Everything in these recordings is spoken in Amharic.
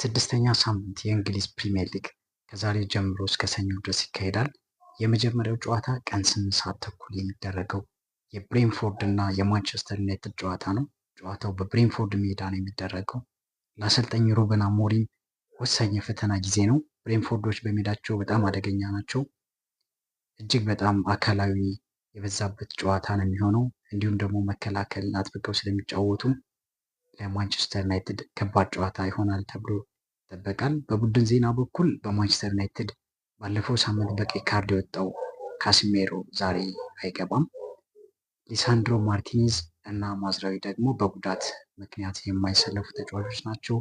ስድስተኛ ሳምንት የእንግሊዝ ፕሪሚየር ሊግ ከዛሬ ጀምሮ እስከ ሰኞ ድረስ ይካሄዳል። የመጀመሪያው ጨዋታ ቀን ስምንት ሰዓት ተኩል የሚደረገው የብሬንፎርድ እና የማንቸስተር ዩናይትድ ጨዋታ ነው። ጨዋታው በብሬንፎርድ ሜዳ ነው የሚደረገው። ለአሰልጣኝ ሩበን አሞሪም ወሳኝ የፈተና ጊዜ ነው። ብሬንፎርዶች በሜዳቸው በጣም አደገኛ ናቸው። እጅግ በጣም አካላዊ የበዛበት ጨዋታ ነው የሚሆነው። እንዲሁም ደግሞ መከላከል አጥብቀው ስለሚጫወቱ ለማንቸስተር ዩናይትድ ከባድ ጨዋታ ይሆናል ተብሎ ይጠበቃል። በቡድን ዜና በኩል በማንቸስተር ዩናይትድ ባለፈው ሳምንት በቀይ ካርድ የወጣው ካሲሜሮ ዛሬ አይገባም። ሊሳንድሮ ማርቲኒዝ እና ማዝራዊ ደግሞ በጉዳት ምክንያት የማይሰለፉ ተጫዋቾች ናቸው።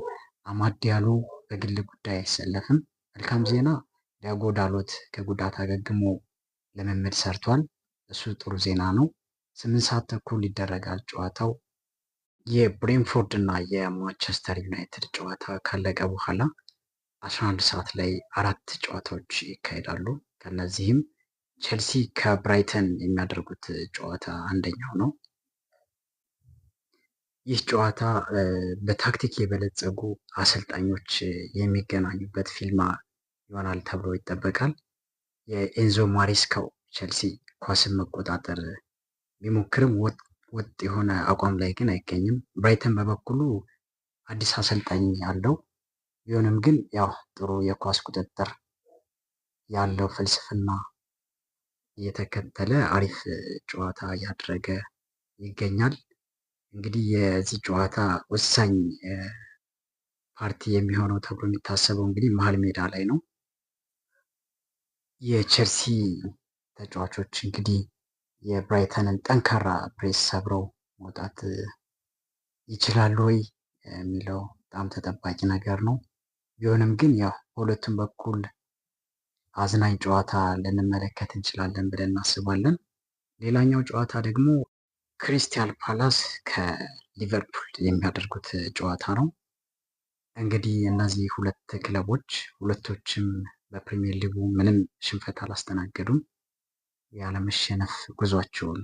አማድ ዲያሎ በግል ጉዳይ አይሰለፍም። መልካም ዜና ዲያጎ ዳሎት ከጉዳት አገግሞ ልምምድ ሰርቷል። እሱ ጥሩ ዜና ነው። ስምንት ሰዓት ተኩል ይደረጋል ጨዋታው። የብሬንፎርድ እና የማንቸስተር ዩናይትድ ጨዋታ ካለቀ በኋላ 11 ሰዓት ላይ አራት ጨዋታዎች ይካሄዳሉ። ከነዚህም ቼልሲ ከብራይተን የሚያደርጉት ጨዋታ አንደኛው ነው። ይህ ጨዋታ በታክቲክ የበለጸጉ አሰልጣኞች የሚገናኙበት ፊልማ ይሆናል ተብሎ ይጠበቃል። የኤንዞ ማሬስካው ቼልሲ ኳስን መቆጣጠር ቢሞክርም ወጥ የሆነ አቋም ላይ ግን አይገኝም። ብራይተን በበኩሉ አዲስ አሰልጣኝ ያለው ቢሆንም ግን ያው ጥሩ የኳስ ቁጥጥር ያለው ፍልስፍና እየተከተለ አሪፍ ጨዋታ እያደረገ ይገኛል። እንግዲህ የዚህ ጨዋታ ወሳኝ ፓርቲ የሚሆነው ተብሎ የሚታሰበው እንግዲህ መሀል ሜዳ ላይ ነው። የቼልሲ ተጫዋቾች እንግዲህ የብራይተንን ጠንካራ ፕሬስ ሰብረው መውጣት ይችላሉ ወይ የሚለው በጣም ተጠባቂ ነገር ነው። ቢሆንም ግን ያው በሁለቱም በኩል አዝናኝ ጨዋታ ልንመለከት እንችላለን ብለን እናስባለን። ሌላኛው ጨዋታ ደግሞ ክሪስታል ፓላስ ከሊቨርፑል የሚያደርጉት ጨዋታ ነው። እንግዲህ እነዚህ ሁለት ክለቦች ሁለቶችም በፕሪሚየር ሊጉ ምንም ሽንፈት አላስተናገዱም። ያለመሸነፍ ጉዟቸውን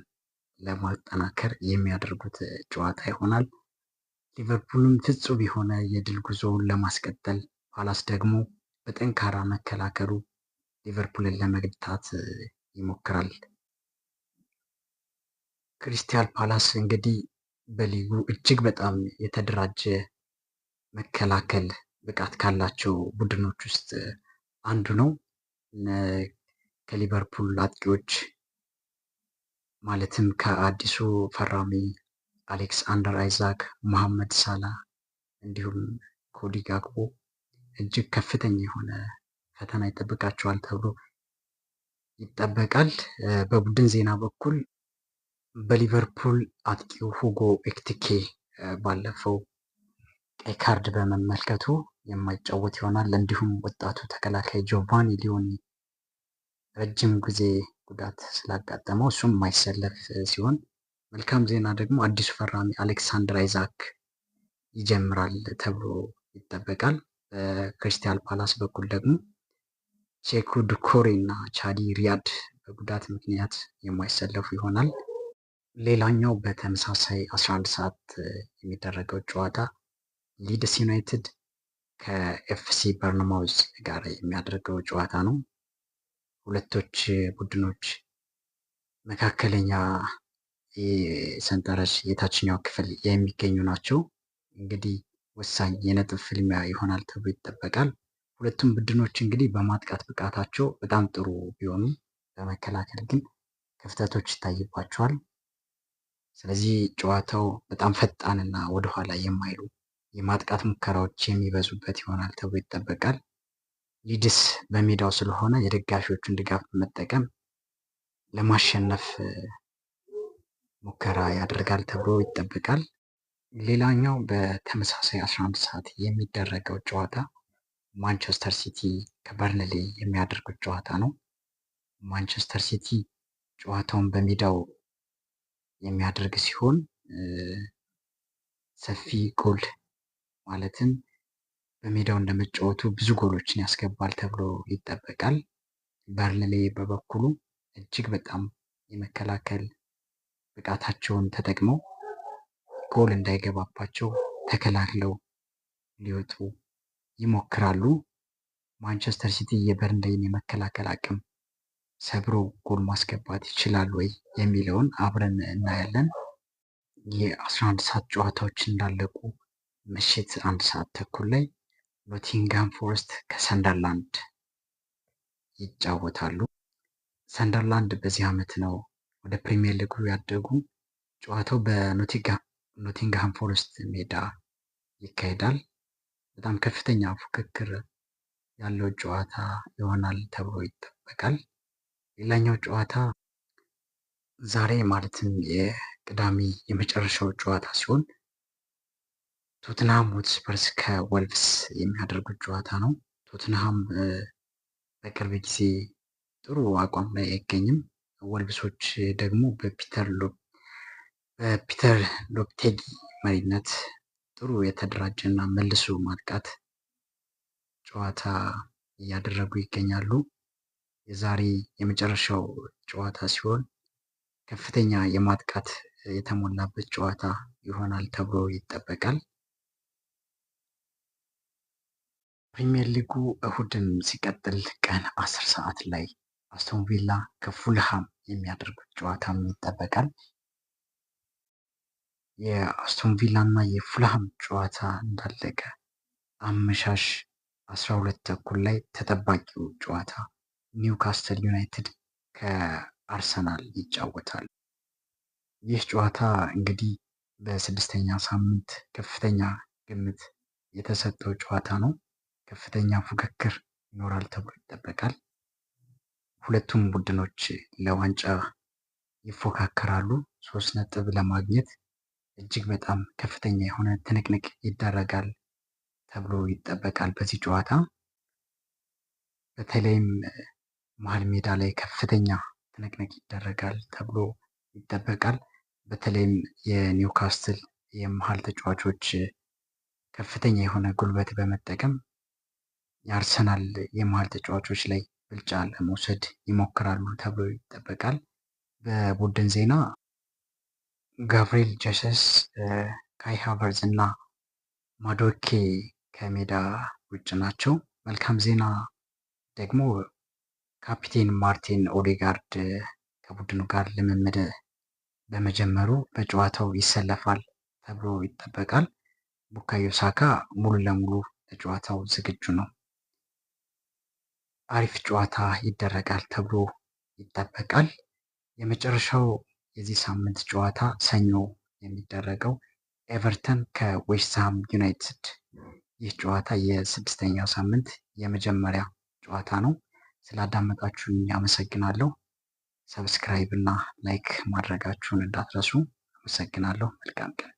ለማጠናከር የሚያደርጉት ጨዋታ ይሆናል። ሊቨርፑልም ፍጹም የሆነ የድል ጉዞውን ለማስቀጠል ፓላስ ደግሞ በጠንካራ መከላከሉ ሊቨርፑልን ለመግታት ይሞክራል። ክሪስታል ፓላስ እንግዲህ በሊጉ እጅግ በጣም የተደራጀ መከላከል ብቃት ካላቸው ቡድኖች ውስጥ አንዱ ነው። ከሊቨርፑል አጥቂዎች ማለትም ከአዲሱ ፈራሚ አሌክሳንደር አይዛክ፣ መሐመድ ሳላ እንዲሁም ኮዲ ጋግቦ እጅግ ከፍተኛ የሆነ ፈተና ይጠብቃቸዋል ተብሎ ይጠበቃል። በቡድን ዜና በኩል በሊቨርፑል አጥቂው ሁጎ ኤክቲኬ ባለፈው ቀይ ካርድ በመመልከቱ የማይጫወት ይሆናል። እንዲሁም ወጣቱ ተከላካይ ጆቫኒ ሊዮኒ ረጅም ጊዜ ጉዳት ስላጋጠመው እሱም የማይሰለፍ ሲሆን መልካም ዜና ደግሞ አዲሱ ፈራሚ አሌክሳንድር አይዛክ ይጀምራል ተብሎ ይጠበቃል። በክሪስታል ፓላስ በኩል ደግሞ ቼኩ ዱኮሬ እና ቻዲ ሪያድ በጉዳት ምክንያት የማይሰለፉ ይሆናል። ሌላኛው በተመሳሳይ 11 ሰዓት የሚደረገው ጨዋታ ሊድስ ዩናይትድ ከኤፍሲ በርንማውዝ ጋር የሚያደርገው ጨዋታ ነው። ሁለቶች ቡድኖች መካከለኛ ሰንጠረዥ የታችኛው ክፍል የሚገኙ ናቸው። እንግዲህ ወሳኝ የነጥብ ፍልሚያ ይሆናል ተብሎ ይጠበቃል። ሁለቱም ቡድኖች እንግዲህ በማጥቃት ብቃታቸው በጣም ጥሩ ቢሆኑም በመከላከል ግን ክፍተቶች ይታይባቸዋል። ስለዚህ ጨዋታው በጣም ፈጣንና ወደኋላ የማይሉ የማጥቃት ሙከራዎች የሚበዙበት ይሆናል ተብሎ ይጠበቃል። ሊድስ በሜዳው ስለሆነ የደጋፊዎቹን ድጋፍ በመጠቀም ለማሸነፍ ሙከራ ያደርጋል ተብሎ ይጠበቃል። ሌላኛው በተመሳሳይ 11 ሰዓት የሚደረገው ጨዋታ ማንቸስተር ሲቲ ከበርንሊ የሚያደርጉት ጨዋታ ነው። ማንቸስተር ሲቲ ጨዋታውን በሜዳው የሚያደርግ ሲሆን ሰፊ ጎል ማለትም በሜዳው እንደመጫወቱ ብዙ ጎሎችን ያስገባል ተብሎ ይጠበቃል። በርንሌ በበኩሉ እጅግ በጣም የመከላከል ብቃታቸውን ተጠቅመው ጎል እንዳይገባባቸው ተከላክለው ሊወጡ ይሞክራሉ። ማንቸስተር ሲቲ የበርንሌይን የመከላከል አቅም ሰብሮ ጎል ማስገባት ይችላል ወይ የሚለውን አብረን እናያለን። የ11 ሰዓት ጨዋታዎች እንዳለቁ ምሽት አንድ ሰዓት ተኩል ላይ ኖቲንጋም ፎረስት ከሰንደርላንድ ይጫወታሉ። ሰንደርላንድ በዚህ ዓመት ነው ወደ ፕሪሚየር ሊጉ ያደጉ። ጨዋታው በኖቲንግሃም ፎረስት ሜዳ ይካሄዳል። በጣም ከፍተኛ ፉክክር ያለው ጨዋታ ይሆናል ተብሎ ይጠበቃል። ሌላኛው ጨዋታ ዛሬ ማለትም የቅዳሜ የመጨረሻው ጨዋታ ሲሆን ቶትንሃም ሆትስፐርስ ከወልቭስ የሚያደርጉት ጨዋታ ነው። ቶትንሃም በቅርብ ጊዜ ጥሩ አቋም ላይ አይገኝም። ወልቭሶች ደግሞ በፒተር ሎፕቴጊ መሪነት ጥሩ የተደራጀ እና መልሶ ማጥቃት ጨዋታ እያደረጉ ይገኛሉ። የዛሬ የመጨረሻው ጨዋታ ሲሆን ከፍተኛ የማጥቃት የተሞላበት ጨዋታ ይሆናል ተብሎ ይጠበቃል። ፕሪሚየር ሊጉ እሁድም ሲቀጥል ቀን 10 ሰዓት ላይ አስቶን ቪላ ከፉልሃም የሚያደርጉት ጨዋታም ይጠበቃል። የአስቶን ቪላ እና የፉልሃም ጨዋታ እንዳለቀ አመሻሽ 12 ተኩል ላይ ተጠባቂው ጨዋታ ኒውካስተል ዩናይትድ ከአርሰናል ይጫወታል። ይህ ጨዋታ እንግዲህ በስድስተኛ ሳምንት ከፍተኛ ግምት የተሰጠው ጨዋታ ነው። ከፍተኛ ፉክክር ይኖራል ተብሎ ይጠበቃል። ሁለቱም ቡድኖች ለዋንጫ ይፎካከራሉ። ሶስት ነጥብ ለማግኘት እጅግ በጣም ከፍተኛ የሆነ ትንቅንቅ ይደረጋል ተብሎ ይጠበቃል። በዚህ ጨዋታ በተለይም መሀል ሜዳ ላይ ከፍተኛ ትንቅንቅ ይደረጋል ተብሎ ይጠበቃል። በተለይም የኒውካስትል የመሀል ተጫዋቾች ከፍተኛ የሆነ ጉልበት በመጠቀም የአርሰናል የመሀል ተጫዋቾች ላይ ብልጫ ለመውሰድ ይሞክራሉ ተብሎ ይጠበቃል። በቡድን ዜና ጋብሪኤል ጀሰስ፣ ካይ ሃቨርዝ እና ማዶኬ ከሜዳ ውጭ ናቸው። መልካም ዜና ደግሞ ካፒቴን ማርቲን ኦዴጋርድ ከቡድኑ ጋር ልምምድ በመጀመሩ በጨዋታው ይሰለፋል ተብሎ ይጠበቃል። ቡካዮ ሳካ ሙሉ ለሙሉ ለጨዋታው ዝግጁ ነው። አሪፍ ጨዋታ ይደረጋል ተብሎ ይጠበቃል። የመጨረሻው የዚህ ሳምንት ጨዋታ ሰኞ የሚደረገው ኤቨርተን ከዌስትሃም ዩናይትድ ይህ ጨዋታ የስድስተኛው ሳምንት የመጀመሪያ ጨዋታ ነው። ስላዳመጣችሁኝ አመሰግናለሁ። ሰብስክራይብ እና ላይክ ማድረጋችሁን እንዳትረሱ። አመሰግናለሁ። መልካም ቀን